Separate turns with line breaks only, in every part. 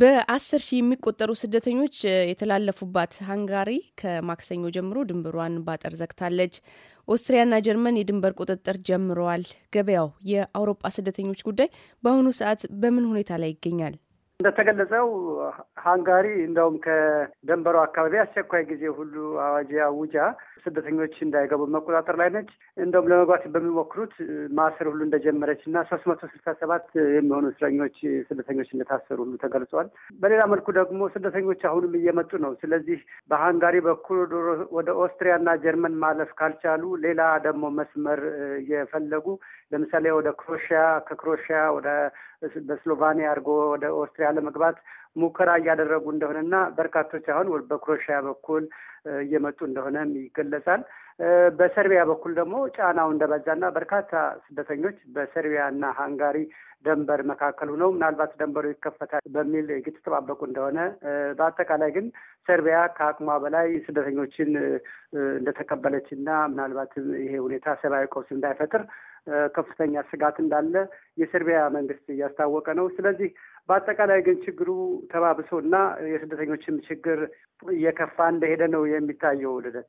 በአስር ሺህ የሚቆጠሩ ስደተኞች የተላለፉባት ሃንጋሪ ከማክሰኞ ጀምሮ ድንበሯን ባጠር ዘግታለች። ኦስትሪያና ጀርመን የድንበር ቁጥጥር ጀምረዋል። ገበያው የአውሮፓ ስደተኞች ጉዳይ በአሁኑ ሰዓት በምን ሁኔታ ላይ ይገኛል?
እንደተገለጸው ሃንጋሪ እንደውም ከደንበሩ አካባቢ አስቸኳይ ጊዜ ሁሉ አዋጅ አውጃ ስደተኞች እንዳይገቡ መቆጣጠር ላይ ነች። እንደውም ለመግባት በሚሞክሩት ማሰር ሁሉ እንደጀመረች እና ሶስት መቶ ስልሳ ሰባት የሚሆኑ እስረኞች ስደተኞች እንደታሰሩ ሁሉ ተገልጿል። በሌላ መልኩ ደግሞ ስደተኞች አሁንም እየመጡ ነው። ስለዚህ በሃንጋሪ በኩል ወደ ኦስትሪያ እና ጀርመን ማለፍ ካልቻሉ ሌላ ደግሞ መስመር እየፈለጉ ለምሳሌ ወደ ክሮሺያ ከክሮሽያ ወደ በስሎቫኒያ አድርጎ ወደ ኦስትሪያ ክሮኤሽያ ለመግባት ሙከራ እያደረጉ እንደሆነና በርካቶች አሁን በክሮኤሽያ በኩል እየመጡ እንደሆነም ይገለጻል። በሰርቢያ በኩል ደግሞ ጫናው እንደበዛና በርካታ ስደተኞች በሰርቢያና ሃንጋሪ ደንበር መካከል ሆነው ምናልባት ደንበሩ ይከፈታል በሚል እየተጠባበቁ እንደሆነ፣ በአጠቃላይ ግን ሰርቢያ ከአቅሟ በላይ ስደተኞችን እንደተቀበለች እና ምናልባትም ይሄ ሁኔታ ሰብአዊ ቀውስ እንዳይፈጥር ከፍተኛ ስጋት እንዳለ የሰርቢያ መንግስት እያስታወቀ ነው። ስለዚህ በአጠቃላይ ግን ችግሩ ተባብሶ እና የስደተኞችም ችግር እየከፋ እንደሄደ ነው የሚታየው። ልደት፣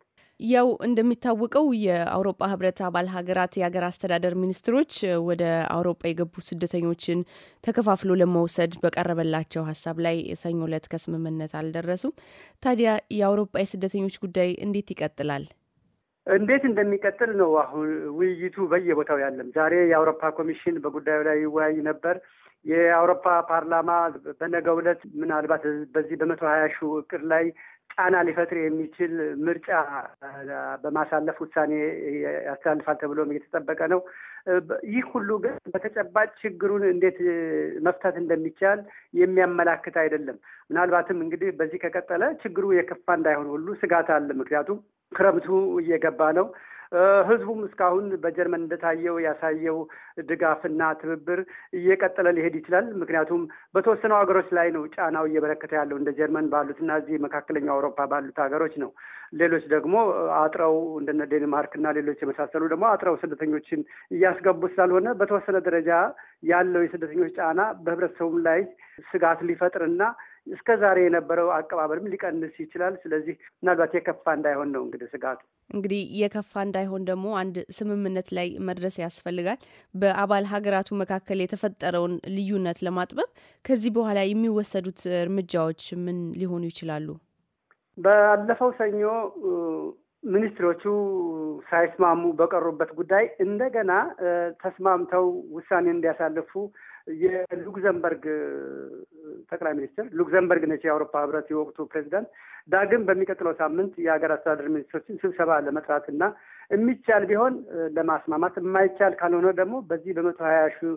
ያው እንደሚታወቀው የአውሮፓ ህብረት አባል ሀገራት የሀገር አስተዳደር ሚኒስትሮች ወደ አውሮፓ የገቡ ስደተኞችን ተከፋፍሎ ለመውሰድ በቀረበላቸው ሀሳብ ላይ ሰኞ ዕለት ከስምምነት አልደረሱም። ታዲያ የአውሮፓ የስደተኞች ጉዳይ እንዴት ይቀጥላል?
እንዴት እንደሚቀጥል ነው አሁን ውይይቱ በየቦታው ያለም። ዛሬ የአውሮፓ ኮሚሽን በጉዳዩ ላይ ይወያይ ነበር። የአውሮፓ ፓርላማ በነገው ዕለት ምናልባት በዚህ በመቶ ሀያ ሺህ እቅድ ላይ ጫና ሊፈጥር የሚችል ምርጫ በማሳለፍ ውሳኔ ያስተላልፋል ተብሎም እየተጠበቀ ነው። ይህ ሁሉ ግን በተጨባጭ ችግሩን እንዴት መፍታት እንደሚቻል የሚያመላክት አይደለም። ምናልባትም እንግዲህ በዚህ ከቀጠለ ችግሩ የከፋ እንዳይሆን ሁሉ ስጋት አለ። ምክንያቱም ክረምቱ እየገባ ነው። ህዝቡም እስካሁን በጀርመን እንደታየው ያሳየው ድጋፍና ትብብር እየቀጠለ ሊሄድ ይችላል። ምክንያቱም በተወሰኑ ሀገሮች ላይ ነው ጫናው እየበረከተ ያለው እንደ ጀርመን ባሉት እና እዚህ መካከለኛው አውሮፓ ባሉት ሀገሮች ነው። ሌሎች ደግሞ አጥረው እንደነ ዴንማርክ እና ሌሎች የመሳሰሉ ደግሞ አጥረው ስደተኞችን እያስገቡ ስላልሆነ በተወሰነ ደረጃ ያለው የስደተኞች ጫና በህብረተሰቡም ላይ ስጋት ሊፈጥርና ። እስከ ዛሬ የነበረው አቀባበልም ሊቀንስ ይችላል። ስለዚህ ምናልባት የከፋ እንዳይሆን ነው እንግዲህ ስጋቱ።
እንግዲህ የከፋ እንዳይሆን ደግሞ አንድ ስምምነት ላይ መድረስ ያስፈልጋል። በአባል ሀገራቱ መካከል የተፈጠረውን ልዩነት ለማጥበብ ከዚህ በኋላ የሚወሰዱት እርምጃዎች ምን ሊሆኑ ይችላሉ?
ባለፈው ሰኞ ሚኒስትሮቹ ሳይስማሙ በቀሩበት ጉዳይ እንደገና ተስማምተው ውሳኔ እንዲያሳልፉ የሉክዘምበርግ ጠቅላይ ሚኒስትር ሉክዘምበርግ ነች የአውሮፓ ህብረት የወቅቱ ፕሬዚዳንት ዳግም በሚቀጥለው ሳምንት የሀገር አስተዳደር ሚኒስትሮችን ስብሰባ ለመጥራት እና የሚቻል ቢሆን ለማስማማት የማይቻል ካልሆነ ደግሞ በዚህ በመቶ ሀያ ሺህ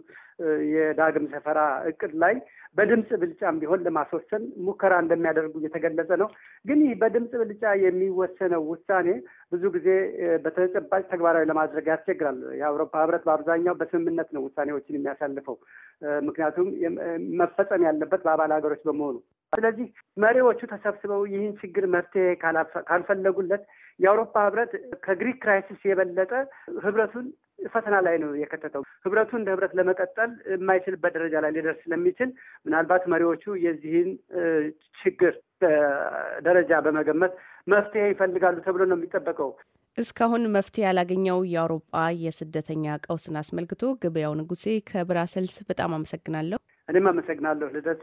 የዳግም ሰፈራ እቅድ ላይ በድምፅ ብልጫም ቢሆን ለማስወሰን ሙከራ እንደሚያደርጉ እየተገለጸ ነው። ግን ይህ በድምፅ ብልጫ የሚወሰነው ውሳኔ ብዙ ጊዜ በተጨባጭ ተግባራዊ ለማድረግ ያስቸግራል። የአውሮፓ ሕብረት በአብዛኛው በስምምነት ነው ውሳኔዎችን የሚያሳልፈው፣ ምክንያቱም መፈጸም ያለበት በአባል ሀገሮች በመሆኑ። ስለዚህ መሪዎቹ ተሰብስበው ይህን ችግር መፍትሄ ካልፈለጉለት የአውሮፓ ሕብረት ከግሪክ ክራይሲስ የበለጠ ሕብረቱን ፈተና ላይ ነው የከተተው። ህብረቱ እንደ ህብረት ለመቀጠል የማይችልበት ደረጃ ላይ ሊደርስ ስለሚችል ምናልባት መሪዎቹ የዚህን ችግር ደረጃ በመገመት መፍትሄ ይፈልጋሉ ተብሎ ነው የሚጠበቀው።
እስካሁን መፍትሄ ያላገኘው የአውሮፓ የስደተኛ ቀውስን አስመልክቶ ገበያው ንጉሴ ከብራሰልስ በጣም አመሰግናለሁ።
እኔም አመሰግናለሁ ልደት።